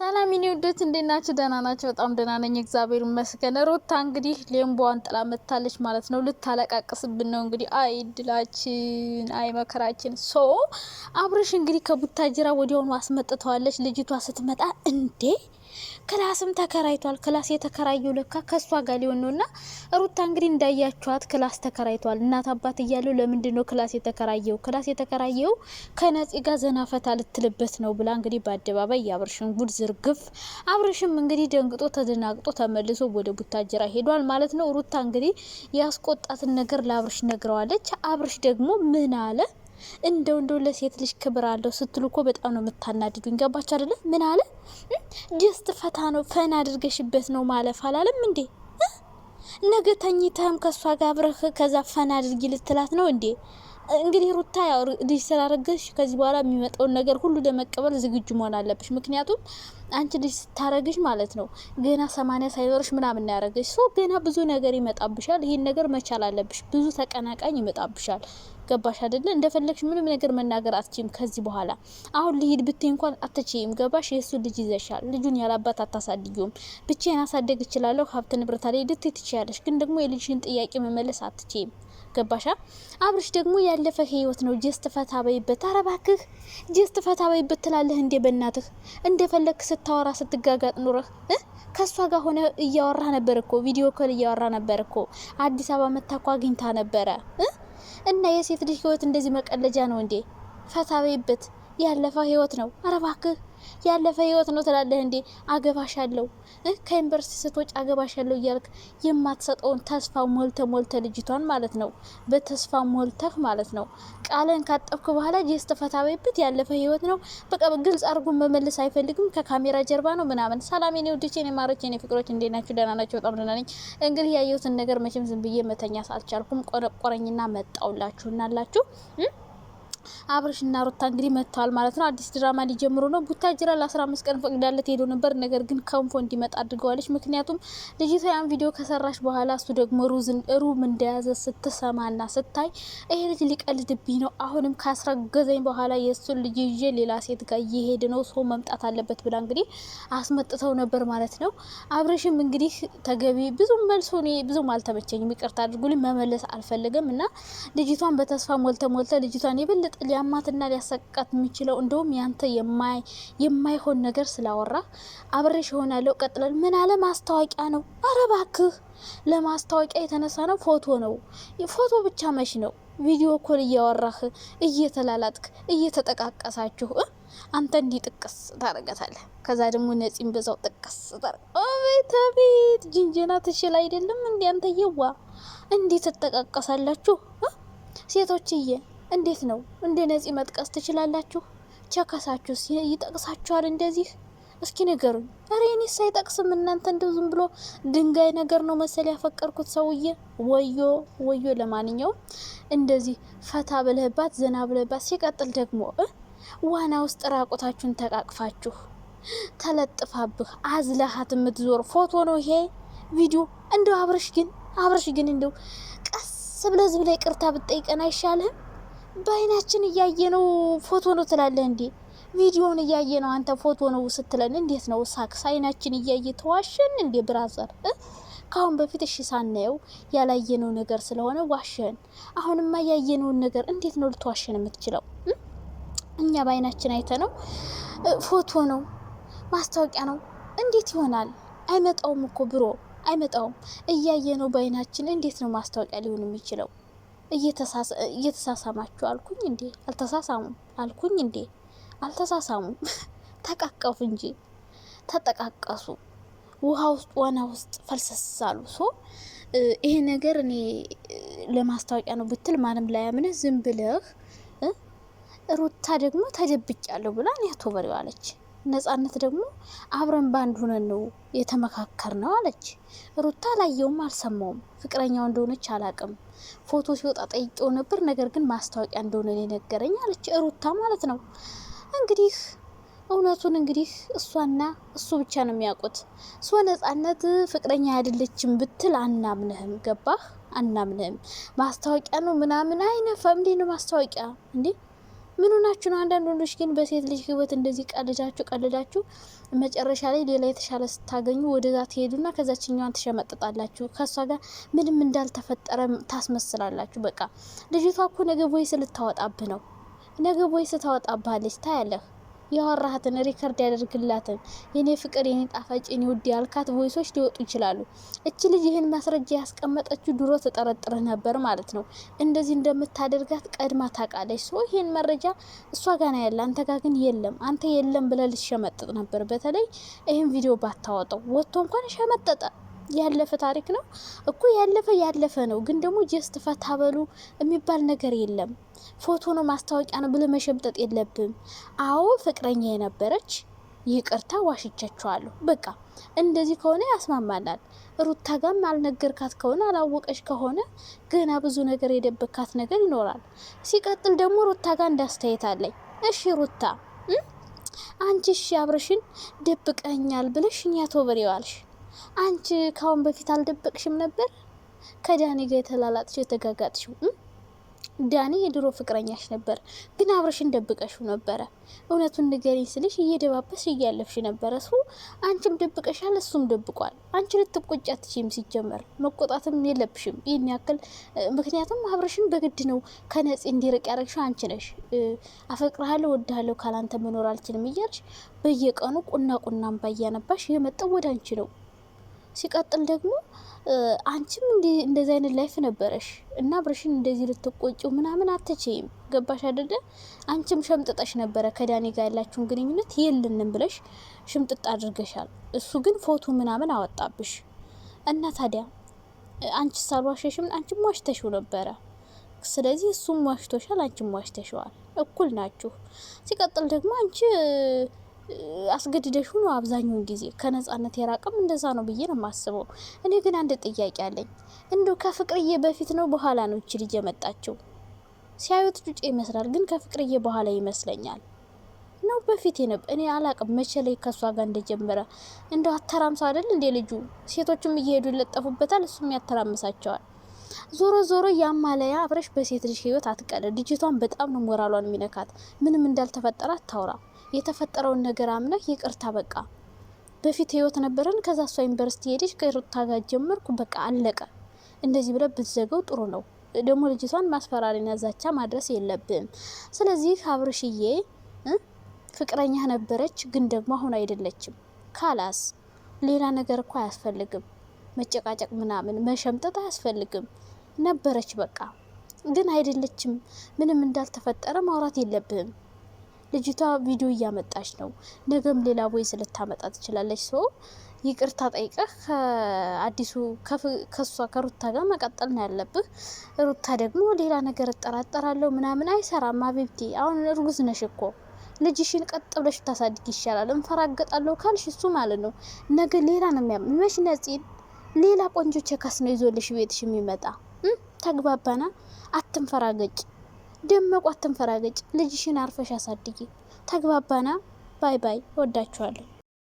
ሰላም የኔ ውዶች እንዴት ናችሁ? ደህና ናቸው። በጣም ደህና ነኝ፣ እግዚአብሔር ይመስገን። ሩታ እንግዲህ ሌምቧን ጥላ መታለች ማለት ነው። ልታለቃቅስብን ነው እንግዲህ። አይ ድላችን፣ አይ መከራችን። ሶ አብርሽ እንግዲህ ከቡታጅራ ወዲያውኑ አስመጥተዋለች። ልጅቷ ስትመጣ እንዴ ክላስም ተከራይቷል። ክላስ የተከራየው ለካ ከእሷ ጋር ሊሆን ነው። እና ሩታ እንግዲህ እንዳያችኋት ክላስ ተከራይቷል። እናት አባት እያለው ለምንድን ነው ክላስ የተከራየው? ክላስ የተከራየው ከነፂ ጋር ዘናፈታ ልትልበት ነው ብላ እንግዲህ በአደባባይ የአብርሽን ጉድ ዝርግፍ። አብርሽም እንግዲህ ደንግጦ ተደናግጦ ተመልሶ ወደ ቡታጅራ ሄዷል ማለት ነው። ሩታ እንግዲህ ያስቆጣትን ነገር ለአብርሽ ነግረዋለች። አብርሽ ደግሞ ምን አለ? እንደው እንደው ለሴት ልጅ ክብር አለው ስትሉ እኮ በጣም ነው የምታናድዱኝ። ገባች አይደለ? ምን አለ? ጀስት ፈታ ነው ፈን አድርገሽበት ነው ማለፍ አላለም እንዴ? ነገ ተኝተህም ከእሷ ጋር አብረህ ከዛ ፈን አድርጊ ልትላት ነው እንዴ? እንግዲህ ሩታ ያው ልጅ ከዚህ በኋላ የሚመጣውን ነገር ሁሉ ለመቀበል ዝግጁ መሆን አለብሽ። ምክንያቱም አንቺ ልጅ ስታረግሽ ማለት ነው ገና ሰማንያ ሳይኖርሽ ምናምን ያረግሽ ሶ ገና ብዙ ነገር ይመጣብሻል። ይሄን ነገር መቻል አለብሽ። ብዙ ተቀናቃኝ ይመጣብሻል። ገባሽ አይደለ? እንደፈለግሽ ምንም ነገር መናገር አትችም። ከዚህ በኋላ አሁን ልሂድ ብትይ እንኳን አትችም። ገባሽ? የእሱ ልጅ ይዘሻል። ልጁን ያላባት አታሳድጊውም። ብቻዬን አሳደግ እችላለሁ፣ ሀብት ንብረት ላይ ልትይ ትችያለሽ፣ ግን ደግሞ የልጅሽን ጥያቄ መመለስ አትችም። ገባሻ? አብርሽ ደግሞ ያለፈ ህይወት ነው። ጀስት ፈታ በይበት። አረ እባክህ ጀስት ፈታ በይበት ትላለህ እንዴ! በእናትህ እንደፈለግህ ስታወራ ስትጋጋጥ ኑረህ ከእሷ ጋር ሆነ እያወራ ነበር እኮ ቪዲዮ ኮል እያወራ ነበር እኮ አዲስ አበባ መታኮ አግኝታ ነበረ። እና የሴት ልጅ ህይወት እንደዚህ መቀለጃ ነው እንዴ? ፈታ በይበት፣ ያለፈ ህይወት ነው። አረባክህ ያለፈ ህይወት ነው ትላለህ እንዴ? አለው ከዩኒቨርሲቲ አገባሽ አለው እያልክ የማትሰጠውን ተስፋ ሞልተ ሞልተ ልጅቷን ማለት ነው በተስፋ ሞልተህ ማለት ነው ቃለን ካጠብክ በኋላ ጀስት ፈታበይበት ያለፈ ህይወት ነው በቃ ግልጽ አድርጎን መመለስ አይፈልግም። ከካሜራ ጀርባ ነው ምናምን። ሰላም የኔ ውዶች፣ የኔ ማሮች፣ የኔ ፍቅሮች እንዴት ናቸው? ደህና ናቸው። በጣም ደህና ነኝ። እንግዲህ ያየሁትን ነገር መቼም ዝም ብዬ መተኛት ቆረቆረኝና መጣውላችሁ እናላችሁ እና ሩታ እንግዲህ መጥተዋል ማለት ነው። አዲስ ድራማ ሊጀምሩ ነው። ቡታጅራ ለአስራ አምስት ቀን ፈቅዳለት ሄዶ ነበር። ነገር ግን ከንፎ እንዲመጣ አድርገዋለች። ምክንያቱም ልጅቷ ያን ቪዲዮ ከሰራች በኋላ እሱ ደግሞ ሩም እንደያዘ ስትሰማና ስታይ ይሄ ልጅ ሊቀልድብኝ ነው፣ አሁንም ካስረገዘኝ በኋላ የእሱን ልጅ ይዤ ሌላ ሴት ጋር እየሄድ ነው፣ ሰው መምጣት አለበት ብላ እንግዲህ አስመጥተው ነበር ማለት ነው። አብርሽም እንግዲህ ተገቢ ብዙ መልሶ እኔ ብዙም አልተመቸኝም፣ ይቅርታ አድርጉልኝ መመለስ አልፈለገም እና ልጅቷን በተስፋ ሞልተ ሞልተ ልጅቷን የበለጠ ሊያማትና ሊያሰቃት የሚችለው እንደውም ያንተ የማይሆን ነገር ስላወራ አብሬሽ ይሆናለው ቀጥላል። ምን አለ ማስታወቂያ ነው። አረ እባክህ ለማስታወቂያ የተነሳ ነው። ፎቶ ነው ፎቶ ብቻ መች ነው ቪዲዮ ኮል እያወራህ እየተላላጥክ እየተጠቃቀሳችሁ አንተ እንዲህ ጥቅስ ታረጋታለህ። ከዛ ደግሞ ነፂም በዛው ጥቅስ ታረጋ። ቤት ጅንጀና ትሽል አይደለም እንዲ አንተ የዋ እንዲህ ትጠቃቀሳላችሁ ሴቶችዬ። እንዴት ነው እንደ ነፂ መጥቀስ ትችላላችሁ? ቸከሳችሁ ይጠቅሳችኋል? እንደዚህ እስኪ ንገሩኝ። ኧረ እኔስ አይጠቅስም። እናንተ እንደው ዝም ብሎ ድንጋይ ነገር ነው መሰል ያፈቀርኩት ሰውዬ። ወዮ ወዮ። ለማንኛውም እንደዚህ ፈታ ብለህባት ዘና ብለህባት፣ ሲቀጥል ደግሞ ዋና ውስጥ ራቁታችሁን ተቃቅፋችሁ ተለጥፋብህ አዝለሃት የምትዞር ፎቶ ነው ይሄ ቪዲዮ። እንደው አብረሽ ግን አብረሽ ግን እንደው ቀስ ብለህ ዝም ብለህ ይቅርታ ብትጠይቀን አይሻልህም? በአይናችን እያየ ነው ፎቶ ነው ትላለህ እንዴ? ቪዲዮውን እያየ ነው አንተ ፎቶ ነው ስትለን እንዴት ነው ሳክስ? አይናችን እያየ ተዋሸን እንዴ ብራዘር? ከአሁን በፊት እሺ ሳናየው ያላየነው ነገር ስለሆነ ዋሸን። አሁንማ ያየነውን ነገር እንዴት ነው ልትዋሸን የምትችለው? እኛ በአይናችን አይተ ነው ፎቶ ነው ማስታወቂያ ነው እንዴት ይሆናል? አይመጣውም እኮ ብሮ አይመጣውም። እያየ ነው በአይናችን እንዴት ነው ማስታወቂያ ሊሆን የሚችለው? እየተሳሳማችሁ አልኩኝ እንዴ? አልተሳሳሙም አልኩኝ እንዴ? አልተሳሳሙም። ተቃቀፉ እንጂ ተጠቃቀሱ። ውሃ ውስጥ ዋና ውስጥ ፈልሰስ አሉ። ሶ ይሄ ነገር እኔ ለማስታወቂያ ነው ብትል ማንም ላያምንህ ዝም ብለህ ሩታ ደግሞ ተደብጫለሁ ብላ እኔ አቶ በሬዋለች። ነጻነት ደግሞ አብረን በአንድ ሁነን ነው የተመካከር ነው አለች። ሩታ አላየውም፣ አልሰማውም። ፍቅረኛው እንደሆነች አላቅም። ፎቶ ሲወጣ ጠይቄው ነበር፣ ነገር ግን ማስታወቂያ እንደሆነ የነገረኝ አለች ሩታ ማለት ነው። እንግዲህ እውነቱን እንግዲህ እሷና እሱ ብቻ ነው የሚያውቁት። እሷ ነጻነት ፍቅረኛ አይደለችም ብትል አናምንህም፣ ገባህ? አናምንህም። ማስታወቂያ ነው ምናምን አይነ ፋሚሊ ነው ማስታወቂያ እንዴ ምን ሆናችሁ ነው? አንዳንድ ወንዶች ግን በሴት ልጅ ህይወት እንደዚህ ቀልዳችሁ ቀልዳችሁ መጨረሻ ላይ ሌላ የተሻለ ስታገኙ ወደዛ ትሄዱና ከዛችኛዋን ትሸመጥጣላችሁ። ከእሷ ጋር ምንም እንዳልተፈጠረ ታስመስላላችሁ። በቃ ልጅቷ እኮ ነገ ቦይ ስልታወጣብህ ነው። ነገ ቦይ ስታወጣብሃለች ታያለህ። ያወራሃትን ሪከርድ ያደርግላትን የኔ ፍቅር የኔ ጣፋጭ የኔ ውድ ያልካት ቮይሶች ሊወጡ ይችላሉ። እች ልጅ ይህን ማስረጃ ያስቀመጠችው ድሮ ተጠረጥረ ነበር ማለት ነው። እንደዚህ እንደምታደርጋት ቀድማ ታውቃለች። ሶ ይህን መረጃ እሷ ጋና ያለ አንተ ጋ ግን የለም። አንተ የለም ብለህ ልትሸመጥጥ ነበር። በተለይ ይህን ቪዲዮ ባታወጣው ወጥቶ እንኳን ሸመጠጠ። ያለፈ ታሪክ ነው እኮ ያለፈ ያለፈ ነው። ግን ደግሞ ጀስት ፈታ በሉ የሚባል ነገር የለም። ፎቶ ነው ማስታወቂያ ነው ብለ መሸምጠጥ የለብም። አዎ ፍቅረኛ የነበረች ይቅርታ ዋሽቻችኋለሁ። በቃ እንደዚህ ከሆነ ያስማማናል። ሩታ ጋም አልነገርካት ከሆነ አላወቀች ከሆነ ገና ብዙ ነገር የደበካት ነገር ይኖራል። ሲቀጥል ደግሞ ሩታ ጋር እንዳስተያየታለኝ እሺ ሩታ አንቺ እሺ አብረሽን ደብቀኛል ብለሽ እኛ ይዋልሽ አንቺ ካሁን በፊት አልደበቅሽም ነበር ከዳኒ ጋር የተላላጥሽ የተጋጋጥሽው ዳኒ የድሮ ፍቅረኛሽ ነበር፣ ግን አብረሽን ደብቀሽው ነበረ። እውነቱን ንገሪኝ ስልሽ እየደባበስሽ እያለፍሽ ነበረ። እሱ አንቺም ደብቀሻል፣ እሱም ደብቋል። አንቺ ልትቆጪ አትችይም። ሲጀመር መቆጣትም የለብሽም ይህን ያክል። ምክንያቱም አብረሽን በግድ ነው ከነጽ እንዲርቅ ያደረግሽው አንቺ ነሽ። አፈቅርሃለሁ፣ ወድሃለሁ፣ ካላንተ መኖር አልችልም እያልሽ በየቀኑ ቁና ቁናም ባያነባሽ እያነባሽ የመጣው ወደ አንቺ ነው። ሲቀጥል ደግሞ አንቺም እንደዚህ አይነት ላይፍ ነበረሽ እና ብርሽን እንደዚህ ልትቆጭው ምናምን አትችይም። ገባሽ አደለ? አንቺም ሸምጥጠሽ ነበረ ከዳኒ ጋር ያላችሁን ግንኙነት የልንም ብለሽ ሽምጥጥ አድርገሻል። እሱ ግን ፎቶ ምናምን አወጣብሽ እና ታዲያ አንቺ ሳልዋሸሽም አንቺም ዋሽተሽው ነበረ። ስለዚህ እሱም ዋሽቶሻል፣ አንቺም ዋሽተሸዋል። እኩል ናችሁ። ሲቀጥል ደግሞ አንቺ አስገድደሽ ሁኖ አብዛኛውን ጊዜ ከነጻነት የራቀም እንደዛ ነው ብዬ ነው የማስበው። እኔ ግን አንድ ጥያቄ አለኝ። እንዶ ከፍቅርዬ በፊት ነው በኋላ ነው እቺ ልጅ የመጣችው? ሲያዩት ጩጬ ይመስላል፣ ግን ከፍቅርዬ በኋላ ይመስለኛል። ነው በፊት የነብ እኔ አላቅም መቼ ላይ ከእሷ ጋር እንደጀመረ። እንደ አተራምሰ አይደል እንዴ ልጁ። ሴቶችም እየሄዱ ይለጠፉበታል፣ እሱም ያተራምሳቸዋል። ዞሮ ዞሮ ያማለያ አብረሽ በሴት ልጅ ህይወት አትቀለ ልጅቷን በጣም ነው ሞራሏን የሚነካት። ምንም እንዳልተፈጠረ አታውራ። የተፈጠረውን ነገር አምነህ ይቅርታ በቃ በፊት ህይወት ነበረን። ከዛ እሷ ዩኒቨርሲቲ ሄደች ከሩታ ጋር ጀመርኩ በቃ አለቀ። እንደዚህ ብለ ብትዘገው ጥሩ ነው። ደግሞ ልጅቷን ማስፈራሪና ዛቻ ማድረስ የለብም። ስለዚህ አብርሽዬ ፍቅረኛ ነበረች፣ ግን ደግሞ አሁን አይደለችም። ካላስ ሌላ ነገር እኮ አያስፈልግም። መጨቃጨቅ ምናምን መሸምጠጥ አያስፈልግም። ነበረች በቃ ግን አይደለችም። ምንም እንዳልተፈጠረ ማውራት የለብህም። ልጅቷ ቪዲዮ እያመጣች ነው። ነገም ሌላ ቦይስ ልታመጣ ትችላለች። ሰው ይቅርታ ጠይቀህ ከአዲሱ ከሷ ከሩታ ጋር መቀጠል ነው ያለብህ። ሩታ ደግሞ ሌላ ነገር እጠራጠራለሁ ምናምን አይሰራም። አቤብቲ አሁን እርጉዝ ነሽ እኮ ልጅሽን ቀጥ ብለሽ ታሳድግ ይሻላል። እንፈራገጣለሁ ካልሽ እሱ ማለት ነው ነገ ሌላ ነው የሚያ መሽ ሌላ ቆንጆ ቸካስ ነው ይዞልሽ ቤትሽ የሚመጣ ተግባባና አትንፈራገጭ። ደመቁ አትንፈራገጭ። ልጅሽን አርፈሽ አሳድጊ። ተግባባና። ባይ ባይ። ወዳችኋለሁ።